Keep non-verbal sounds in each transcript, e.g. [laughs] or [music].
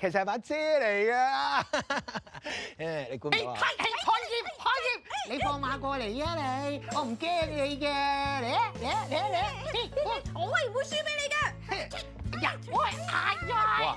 其實係把遮嚟㗎，誒你估唔到啊！開業開業，你放馬過嚟啊！你我唔驚你嘅，你你你你，我係唔會輸俾你嘅。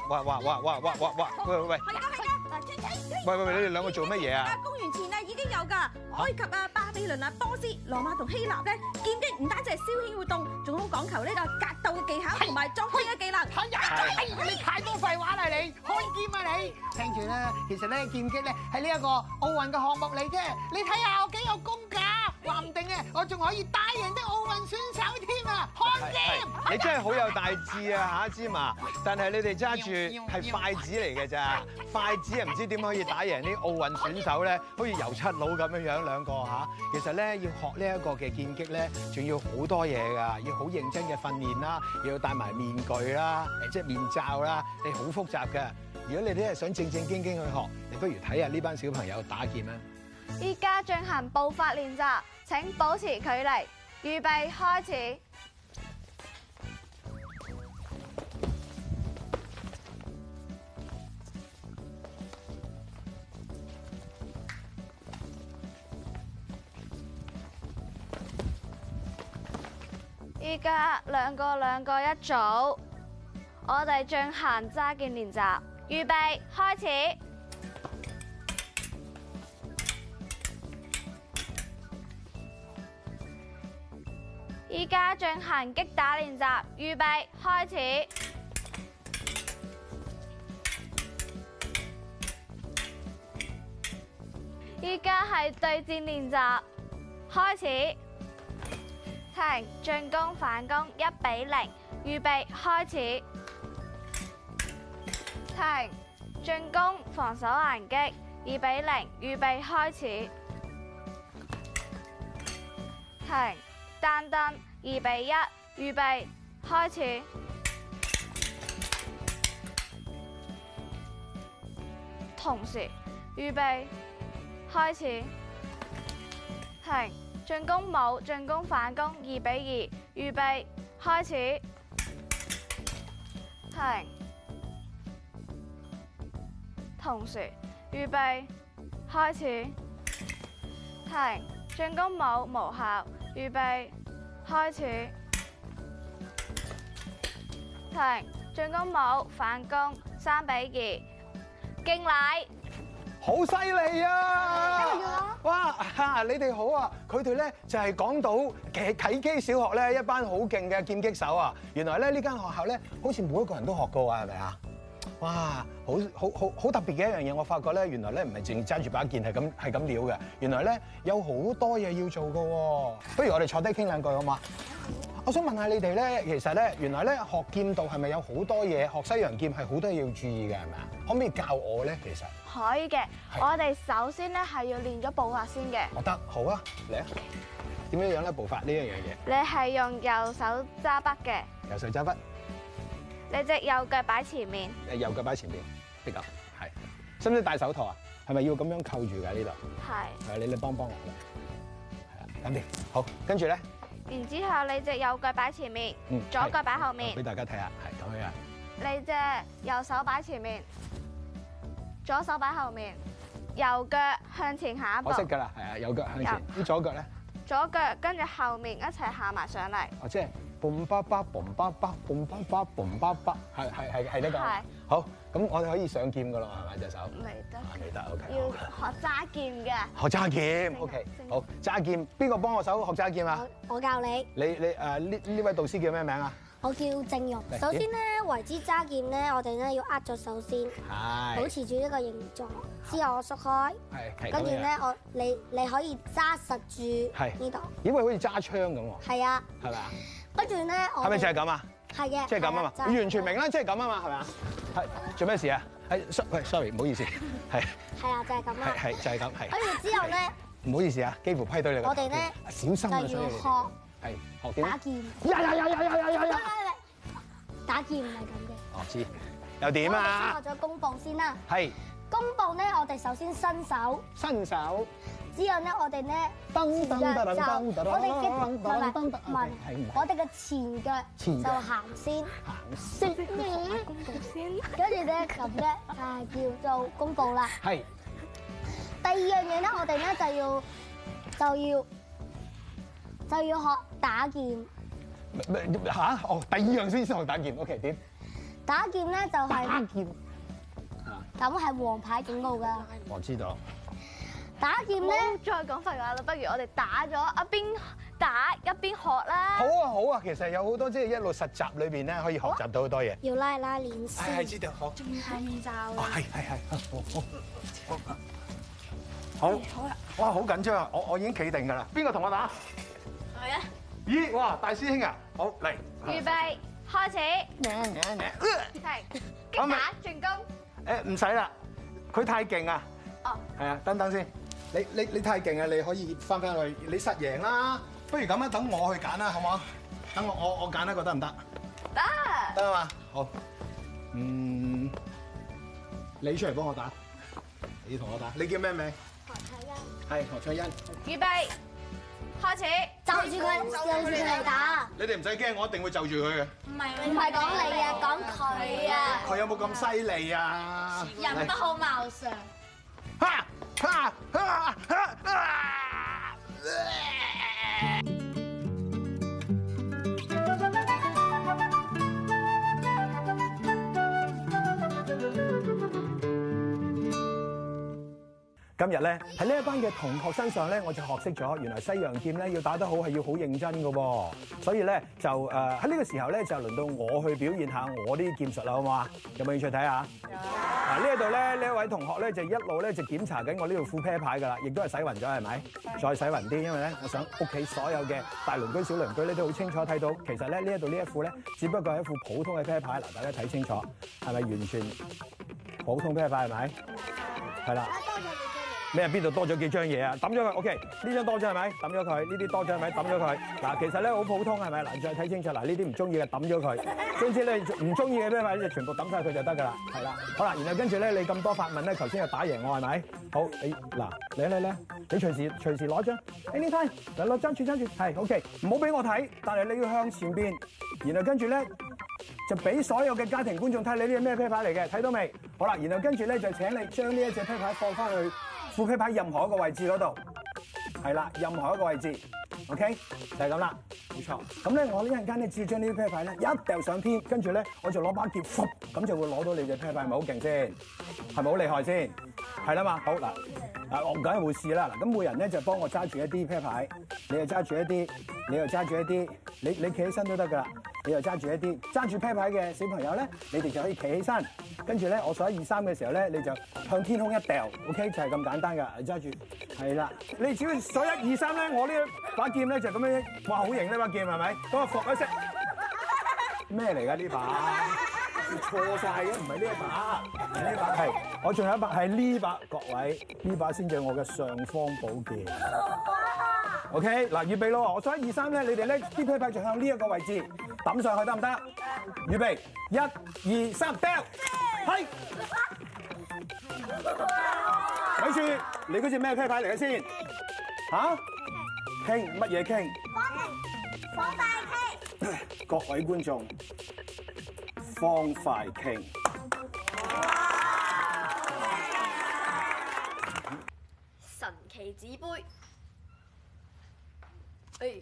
哇哇哇哇哇哇哇！喂喂喂！係啊係啊，喂喂喂！你哋兩個做咩嘢啊？公元前啊已經有㗎，埃及啊、巴比倫啊、波斯、羅馬同希臘咧，劍擊。唔單止係消遣活動，仲好講求呢個格鬥嘅技巧同埋裝逼嘅技能。係啊，你太多廢話啦！你開劍啊你！聽住啦，其實咧劍擊咧係呢一個奧運嘅項目嚟啫，你睇下我幾有功架。唔定嘅，我仲可以打贏啲奧運選手添啊！漢劍，你真係好有大志啊！嚇芝麻，但係你哋揸住係筷子嚟嘅咋筷子，唔知點可以打贏啲奧運選手咧？好似油漆佬咁樣兩個嚇、啊。其實咧要學呢一個嘅劍擊咧，仲要好多嘢㗎，要好認真嘅訓練啦，要戴埋面具啦，即係面罩啦，你好複雜㗎！如果你哋係想正正經經去學，你不如睇下呢班小朋友打劍啊。依家進行步法練習。請保持距離，預備開始。依家兩個兩個一組，我哋進行揸劍練習，預備開始。進行擊打練習，預備開始。依家係對戰練習，開始。停，進攻反攻，一比零，預備開始。停，進攻防守還擊，二比零，預備開始。停，單蹬。二比一，預備開始。同時，預備開始。停，進攻冇，進攻反攻，二比二，預備開始。停。同時，預備開始。停，進攻冇，無效，預備。開始，停，進攻冇，反攻三比二，敬禮，好犀利啊！啊哇，你哋好啊！佢哋咧就係港島其實啟基小學咧一班好勁嘅劍擊手啊！原來咧呢這間學校咧好似每一個人都學過啊，係咪啊？哇，好好好好特別嘅一樣嘢，我發覺咧，原來咧唔係淨揸住把劍係咁係咁撩嘅，原來咧有好多嘢要做㗎喎、哦。不如我哋坐低傾兩句好嗎？嗯、我想問下你哋咧，其實咧原來咧學劍道係咪有好多嘢？學西洋劍係好多嘢要注意嘅係咪啊？可唔可以教我咧？其實可以嘅。是我哋首先咧係要練咗步法先嘅。我得，好啊，嚟啊！點樣樣咧步法呢樣嘢？你係用右手揸筆嘅。右手揸筆。你隻右腳擺前面，誒，右腳擺前面，呢狗，係，使唔使戴手套啊？係咪要咁樣扣住嘅呢度？係是。係啊，你嚟幫幫我，係啊，咁點？好，跟住咧。然之後你隻右腳擺前面，嗯，左腳擺後面。俾大家睇下，係咁樣。你隻右手擺前面，左手擺後面，右腳向前行一步。我識噶啦，係啊，右腳向前，啲右左腳咧？左腳跟住後面一齊行埋上嚟。哦，即係。boom 巴巴 boom 巴巴 boom 巴巴 boom 巴巴，係係係係，呢個好，咁我哋可以上劍噶咯，係咪隻手？未得，未得，O K。要學揸劍嘅，學揸劍，O K。好，揸劍，邊個幫我手學揸劍啊？我教你。你你誒呢呢位導師叫咩名啊？我叫正玉。首先咧，為之揸劍咧，我哋咧要握咗手先，係保持住呢個形狀。之後我縮開，係跟住咧我你你可以揸實住，係呢度。因為好似揸槍咁喎，係啊，係咪啊？跟住咧，我，係咪就係咁啊？係嘅，即係咁啊嘛！你完全明啦，即係咁啊嘛，係咪啊？係做咩事啊？係，sorry，唔好意思，係。係啊，就係咁啦。係就係咁。係。跟住之後咧，唔好意思啊，幾乎批到你。我哋咧，小心啊！就要學？係，學點打劍。打劍唔係咁嘅。我知，又點啊？先學咗功法先啦。係。公布咧，我哋首先伸手，伸手。之後咧，我哋咧前腳站，我哋嘅同埋問，我哋嘅前腳就行先，行先。公布先，跟住咧咁咧就係叫做公布啦。係。第二樣嘢咧，我哋咧就要就要就要學打劍。嚇！哦，第二樣先先學打劍，OK？點？打劍咧就係咁係黃牌警告噶，我知道。打劍咧，再講廢話啦，不如我哋打咗一邊打一邊學啦。好啊好啊，其實有好多即係一路實習裏邊咧，可以學習到好多嘢。要拉一拉鍊先。係係、哎，知道好。仲要戴面罩。係係係。好。好啦。好好啊、哇，好緊張啊！我我已經企定噶啦，邊個同我打？係啊。咦？哇！大師兄啊，好嚟。預備、啊、開始。唸唸唸。擊打、呃，進、啊、攻。誒唔使啦，佢太勁啊！哦，係啊，等等先，你你你太勁啊！你可以翻返去，你實贏啦。不如咁啦，等我去揀啦，好唔好？等我我我揀一個得唔得？得得啊嘛，好。嗯，你出嚟幫我打，你同我打。你叫咩名？何卓欣。係何卓欣。預備。開始，就住佢，就住嚟打。你哋唔使驚，我一定會就住佢嘅。唔係，唔係講你啊，講佢啊。佢有冇咁犀利啊？人不好貌相。Sir 今日咧喺呢一班嘅同學身上咧，我就學識咗，原來西洋劍咧要打得好係要好認真㗎喎。所以咧就誒喺呢個時候咧就輪到我去表現下我啲劍術啦，好冇啊？有冇興趣睇下？嗱，呢一度咧呢一位同學咧就一路咧就檢查緊我呢條副啤牌噶啦，亦都係洗勻咗，係咪？Yeah. 再洗勻啲，因為咧我想屋企所有嘅大鄰居小鄰居咧都好清楚睇到，其實咧呢一度呢一副咧只不過係一副普通嘅啤牌。嗱，大家睇清楚，係咪完全普通啤牌？係咪？係啦 Yeah. 了。Yeah. 你喺邊度多咗幾張嘢啊？抌咗佢，OK？呢張多張係咪？抌咗佢，呢啲多張係咪？抌咗佢。嗱，其實咧好普通係咪？嗱，再睇清楚，嗱，呢啲唔中意嘅抌咗佢。總之咧，唔中意嘅咧，咪就全部抌晒佢就得㗎啦。係啦，好啦，然後跟住咧，你咁多發問咧，頭先就打贏我係咪？好，你嗱，你咧，你隨時隨時攞張，Anytime，嗱攞爭住爭住，係 OK，唔好俾我睇，但係你要向前邊，然後跟住咧就俾所有嘅家庭觀眾睇你呢啲咩啤牌嚟嘅，睇到未？好啦，然後跟住咧就請你將呢一隻啤牌放翻去。副牌牌任何一個位置嗰度，係啦，任何一個位置，OK，就係咁啦，冇錯。咁咧，我呢陣間咧，只要將呢啲牌牌咧一掉上天，跟住咧，我就攞把劍，咁就會攞到你隻牌牌，係咪好勁先？係咪好厲害先？係啦嘛，好嗱。啊，我唔緊會試啦，嗱，咁每人咧就幫我揸住一啲啤牌，你又揸住一啲，你又揸住一啲，你你企起身都得噶啦，你又揸住一啲揸住啤牌嘅小朋友咧，你哋就可以企起身，跟住咧，我數一二三嘅時候咧，你就向天空一掉，OK 就係咁簡單噶，揸住，係啦，你只要數一二三咧，我呢把劍咧就咁樣，哇，好型呢把劍係咪？咁啊，放一聲咩嚟噶呢把？錯晒嘅，唔係呢一把，呢把係，我仲有一把係呢把，各位呢把先至係我嘅尚方寶劍。哇 OK，嗱，預備咯，我數一二三咧，你哋咧啲踢牌就向呢一 [laughs] 個位置抌上去得唔得？預備，一二三，掉，係。咪住哇，你嗰隻咩踢牌嚟嘅先？吓鐵？傾乜嘢傾？放放大旗。各位觀眾。方塊傾，神奇紙杯、哎。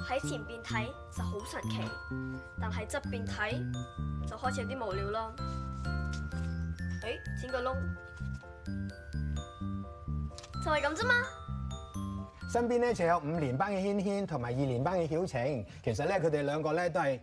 喺前邊睇就好神奇，但係側邊睇就開始有啲無聊啦、哎。誒，剪個窿。就係咁啫嘛。身邊咧就有五年班嘅軒軒同埋二年班嘅曉晴，其實咧佢哋兩個咧都係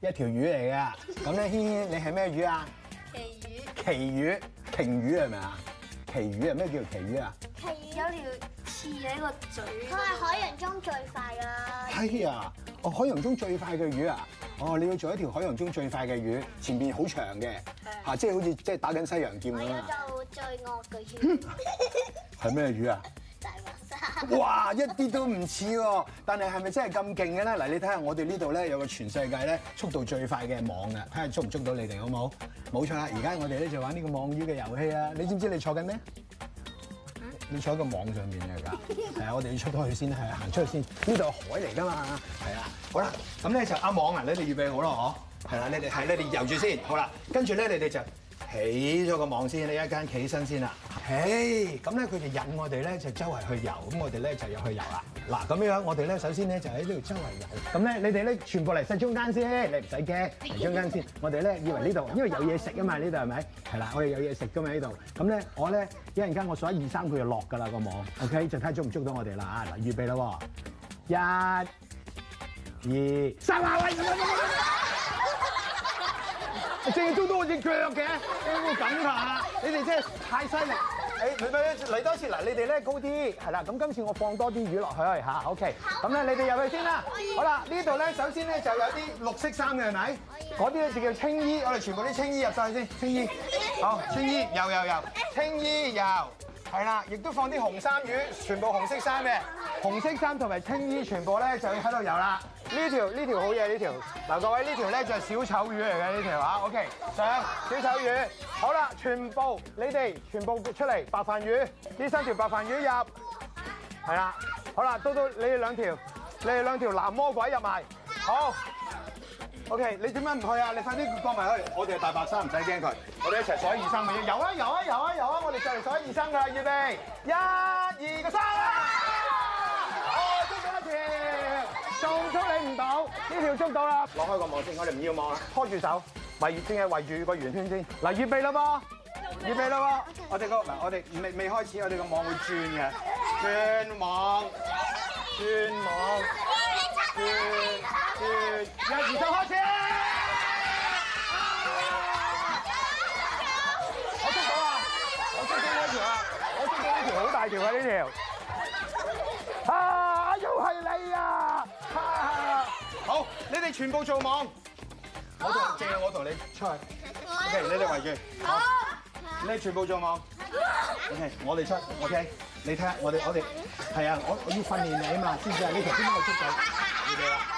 一條魚嚟噶。咁咧軒軒，你係咩魚啊？旗魚。旗魚？鯨魚係咪啊？旗魚係咩叫做旗魚啊？旗魚有條刺喺個嘴。佢係海洋中最快噶。係啊、哎，哦海洋中最快嘅魚啊。哦，你要做一條海洋中最快嘅魚，前邊好長嘅，嚇的、啊，即係好似即係打緊西洋劍咁樣！我做最惡嘅魚，係咩 [laughs] 魚啊？大鰻沙。哇，一啲都唔似喎，但係係咪真係咁勁嘅咧？嗱，你睇下我哋呢度咧有個全世界咧速度最快嘅網啊。睇下捉唔捉到你哋好冇好？冇錯啦，而家的我哋咧就玩呢個網魚嘅遊戲啊！你知唔知你坐緊咩？你坐喺個網上邊嚟㗎？係啊，我哋要出開去先，係啊，行出去先。呢度係海嚟㗎嘛對了，係啊。好啦，咁咧就阿網啊，你哋預備好啦，嗬？係啦，你哋係，你哋游住先游。好啦，跟住咧，你哋就。起咗個網先，你一間企起身先啦。起咁咧，佢就引我哋咧，就周圍去遊。咁我哋咧就要去遊啦。嗱，咁樣我哋咧首先咧就喺呢度周圍遊。咁咧你哋咧全部嚟曬中間先，你唔使驚，嚟中間先。我哋咧以為呢度因為有嘢食啊嘛，呢度係咪？係啦，我哋有嘢食㗎嘛呢度。咁咧我咧一陣間我數一二三個下，佢就落㗎啦個網。OK，就睇捉唔捉到我哋啦。嗱，預備喎。一、二、三，我哋。正中到我隻腳嘅，會唔會緊下？你哋真係太犀利！誒，嚟多嚟多次，嗱，你哋咧高啲，係啦。咁今次我放多啲魚落去吓，OK。咁咧，你哋入去先啦。好啦，呢度咧，首先咧就有啲綠色衫嘅係咪？嗰啲咧就叫青衣，我哋全部啲青衣入晒先，青衣。好，青衣，游游游，青衣游。係啦，亦都放啲紅衫魚，全部紅色衫嘅紅色衫同埋青衣全部咧就喺度游啦。呢條，呢條好嘢，呢條，嗱，各位呢條咧就係小丑魚嚟嘅呢條啊。OK，上小丑魚。好啦，全部，你哋全部出嚟，白飯魚，呢三條白飯魚入。係啦，好啦，到，到你哋兩條，你哋兩條藍魔鬼入埋。好。O K，你點解唔去啊？你快啲過埋去，我哋大白衫唔使驚佢，我哋一齊洗二三咪億、啊，遊啊遊啊遊啊遊啊！我哋就嚟洗二三噶啦，預備一、二、三啊哎、個三啦！我捉幾多條？仲捉你唔到？呢條捉到啦！攞開個網先，我哋唔要網啦，拖住手圍住先嘅，圍住個圓圈先。嗱，預備啦噃，預備啦噃，我哋個嗱我哋未未開始，我哋個網會轉嘅，轉網，轉網。轉由現在開始，我捉到啊！我捉到呢條啊！我捉到呢條，好大條啊！呢條啊！又係你啊！好，你哋全部做網，我度淨係我度，你出去。O K，你哋圍住，你哋全部做網。O K，我哋出，O K，你睇下，我哋我哋係啊，我我要訓練你啊嘛，知唔知啊？呢條邊個捉到？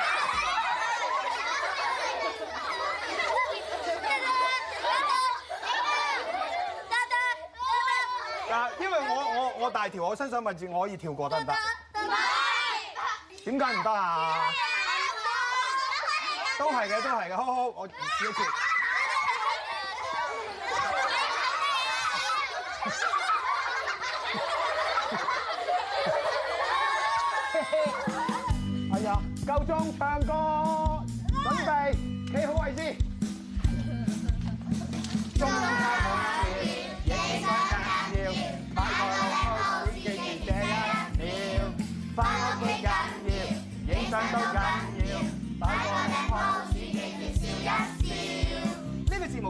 大條，我身上文字我可以跳過得唔得？唔得。點解唔得啊？都係嘅，都係嘅。好好，我試一試。哎呀，夠鍾唱歌。